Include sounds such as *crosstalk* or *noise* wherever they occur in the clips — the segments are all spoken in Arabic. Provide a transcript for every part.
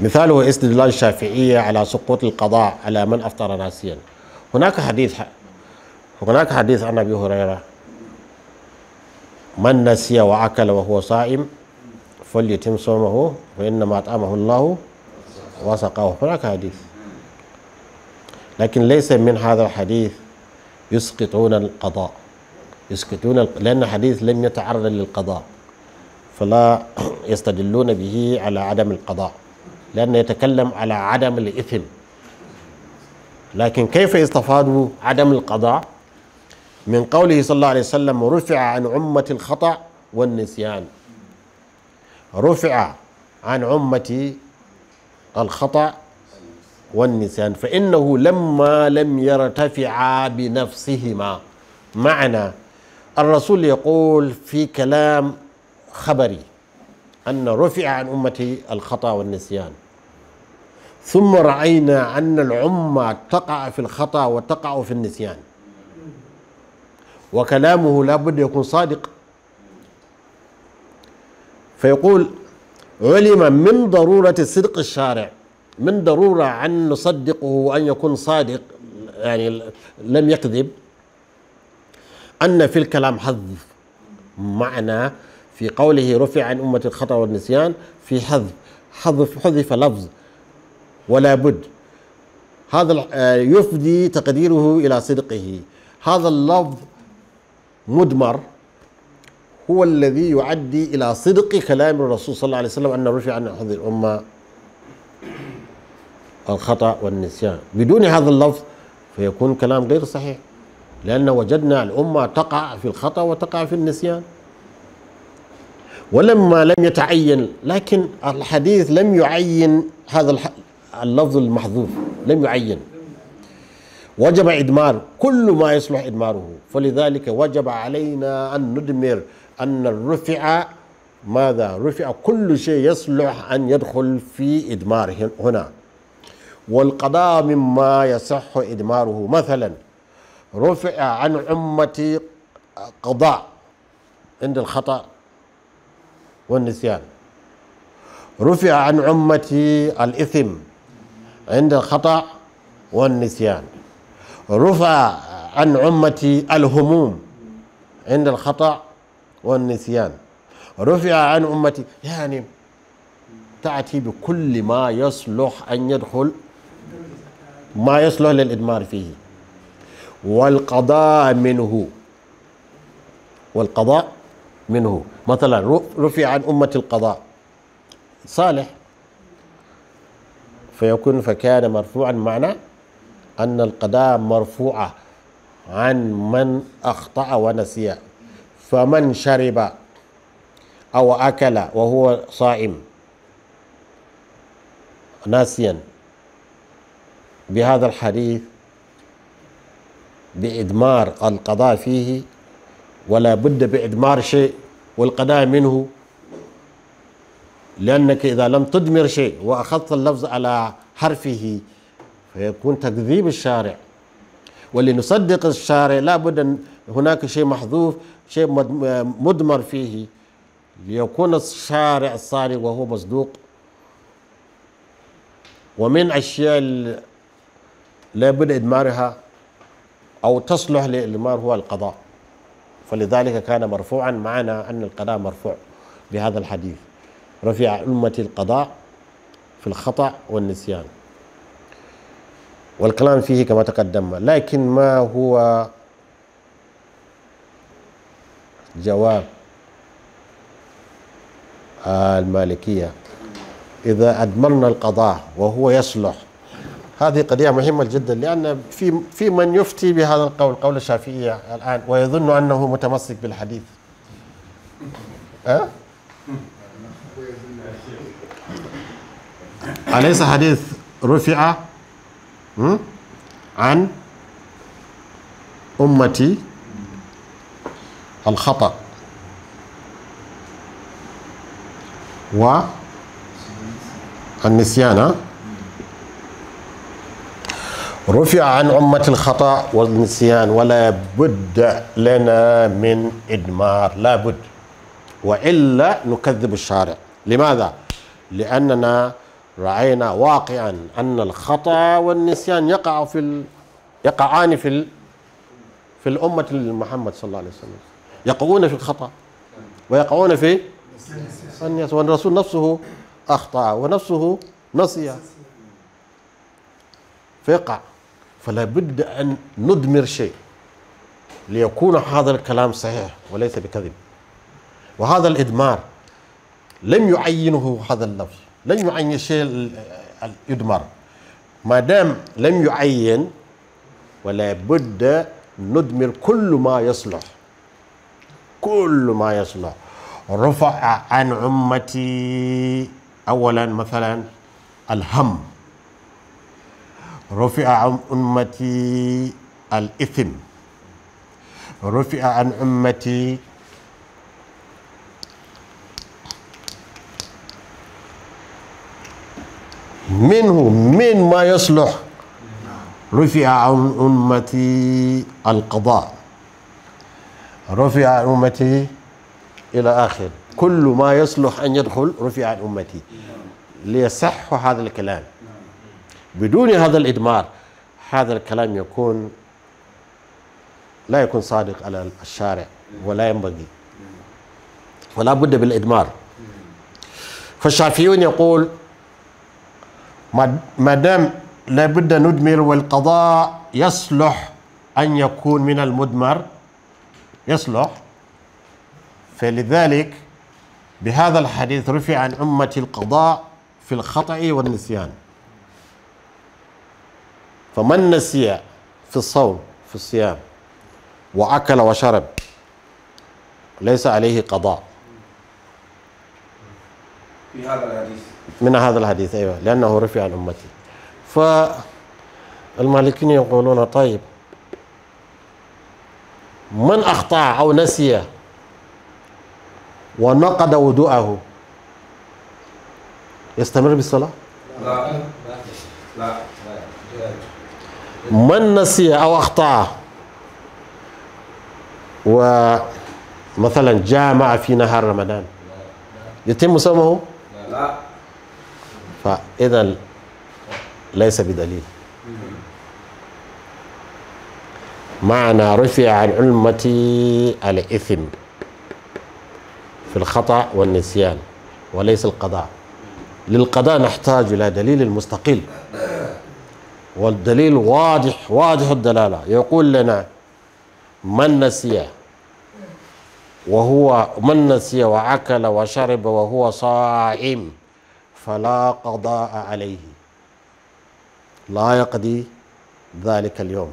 مثاله استدلال الشافعية على سقوط القضاء على من أفطر ناسيا هناك حديث هناك حديث عن أبي هريرة من نسي وأكل وهو صائم فليتم صومه فإنما أطعمه الله وسقاه هناك حديث لكن ليس من هذا الحديث يسقطون القضاء يسقطون لأن الحديث لم يتعرض للقضاء فلا *clears throat* يستدلون به على عدم القضاء لأنه يتكلم على عدم الإثم لكن كيف استفادوا عدم القضاء من قوله صلى الله عليه وسلم رفع عن عمة الخطأ والنسيان رفع عن عمة الخطأ والنسيان فإنه لما لم يرتفعا بنفسهما معنى الرسول يقول في كلام خبري أن رفع عن أمتي الخطأ والنسيان ثم رأينا أن العمة تقع في الخطأ وتقع في النسيان وكلامه لابد يكون صادق فيقول علم من ضرورة صدق الشارع من ضرورة أن نصدقه وأن يكون صادق يعني لم يكذب أن في الكلام حذف معنى في قوله رفع عن أمة الخطأ والنسيان في حذف حذف حذف لفظ ولا بد هذا آه، يفدي تقديره إلى صدقه هذا اللفظ مدمر هو الذي يعدي إلى صدق كلام الرسول صلى الله عليه وسلم أن رفع عن هذه الأمة الخطأ والنسيان بدون هذا اللفظ فيكون كلام غير صحيح لأن وجدنا الأمة تقع في الخطأ وتقع في النسيان ولما لم يتعين لكن الحديث لم يعين هذا اللفظ المحذوف لم يعين وجب إدمار كل ما يصلح إدماره فلذلك وجب علينا أن ندمر أن الرفع ماذا رفع كل شيء يصلح أن يدخل في إدمار هنا والقضاء مما يصح إدماره مثلا رفع عن أمتي قضاء عند الخطأ والنسيان رفع عن أمتي الإثم عند الخطأ والنسيان رفع عن أمتي الهموم عند الخطأ والنسيان رفع عن أمتي يعني تأتي بكل ما يصلح أن يدخل ما يصلح للإدمار فيه والقضاء منه والقضاء منه مثلا رفع عن أمة القضاء صالح فيكون فكان مرفوعا معنى أن القضاء مرفوعة عن من أخطأ ونسي فمن شرب أو أكل وهو صائم ناسيا بهذا الحديث بإدمار القضاء فيه ولا بد بإدمار شيء والقضاء منه لأنك إذا لم تدمر شيء وأخذت اللفظ على حرفه فيكون تكذيب الشارع ولنصدق الشارع لابد أن هناك شيء محذوف شيء مدمر فيه ليكون الشارع الصادق وهو مصدوق ومن أشياء لابد إدمارها أو تصلح للإدمار هو القضاء فلذلك كان مرفوعا معنا أن القضاء مرفوع بهذا الحديث رفع أمتي القضاء في الخطأ والنسيان والكلام فيه كما تقدم لكن ما هو جواب المالكية إذا أدمرنا القضاء وهو يصلح هذه قضية مهمة جدا لأن في في من يفتي بهذا القول قول الشافعية الآن ويظن أنه متمسك بالحديث أه؟ أليس حديث رفع عن أمتي الخطأ و النسيان رفع عن أمة الخطأ والنسيان ولا بد لنا من إدمار لا بد وإلا نكذب الشارع لماذا؟ لأننا راينا واقعا ان الخطا والنسيان يقع في يقعان في في الامه محمد صلى الله عليه وسلم يقعون في الخطا ويقعون في النسيان والرسول نفسه اخطا ونفسه نسي فيقع فلا بد ان ندمر شيء ليكون هذا الكلام صحيح وليس بكذب وهذا الادمار لم يعينه هذا اللفظ لن يعين شيء يدمر ما دام لم يعين ولا بد ندمر كل ما يصلح كل ما يصلح رفع عن أمتي أولا مثلا الهم رفع عن أمتي الإثم رفع عن أمتي منه من ما يصلح رفع عن أمتي القضاء رفع عن أمتي إلى آخر كل ما يصلح أن يدخل رفع عن أمتي ليصح هذا الكلام بدون هذا الإدمار هذا الكلام يكون لا يكون صادق على الشارع ولا ينبغي ولا بد بالإدمار فالشافعيون يقول ما دام لابد ندمر والقضاء يصلح أن يكون من المدمر يصلح فلذلك بهذا الحديث رفع عن أمة القضاء في الخطأ والنسيان فمن نسي في الصوم في الصيام وأكل وشرب ليس عليه قضاء في هذا الحديث من هذا الحديث أيوة لأنه رفع عن أمتي فالمالكين يقولون طيب من أخطأ أو نسي ونقض وضوءه يستمر بالصلاة؟ لا لا من نسي أو أخطأ ومثلا جامع في نهار رمضان يتم صومه؟ لا فإذا ليس بدليل معنى رفع عن علمتي الإثم في الخطأ والنسيان وليس القضاء للقضاء نحتاج إلى دليل مستقل والدليل واضح واضح الدلالة يقول لنا من نسيه وهو من نسي وأكل وشرب وهو صائم فلا قضاء عليه لا يقضي ذلك اليوم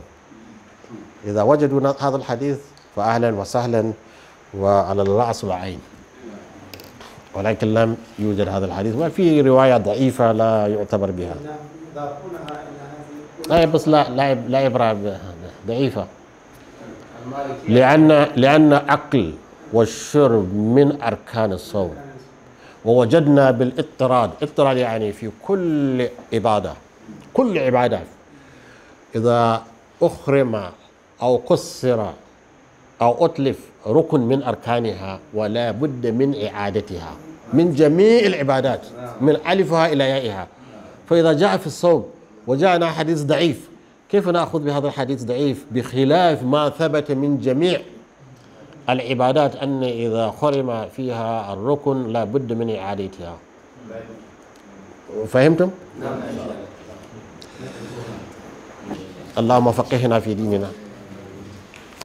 إذا وجدوا هذا الحديث فأهلا وسهلا وعلى الرأس العين ولكن لم يوجد هذا الحديث ما في رواية ضعيفة لا يعتبر بها لا بس لا لا لا بها ضعيفة لأن لأن أقل والشرب من أركان الصوم ووجدنا بالاضطراد اضطراد يعني في كل عبادة كل عبادة إذا أخرم أو قصر أو أتلف ركن من أركانها ولا بد من إعادتها من جميع العبادات من ألفها إلى يائها فإذا جاء في الصوم وجاءنا حديث ضعيف كيف نأخذ بهذا الحديث ضعيف بخلاف ما ثبت من جميع العبادات أن إذا خرم فيها الركن لا بد من إعادتها فهمتم؟ نعم. اللهم فقهنا في ديننا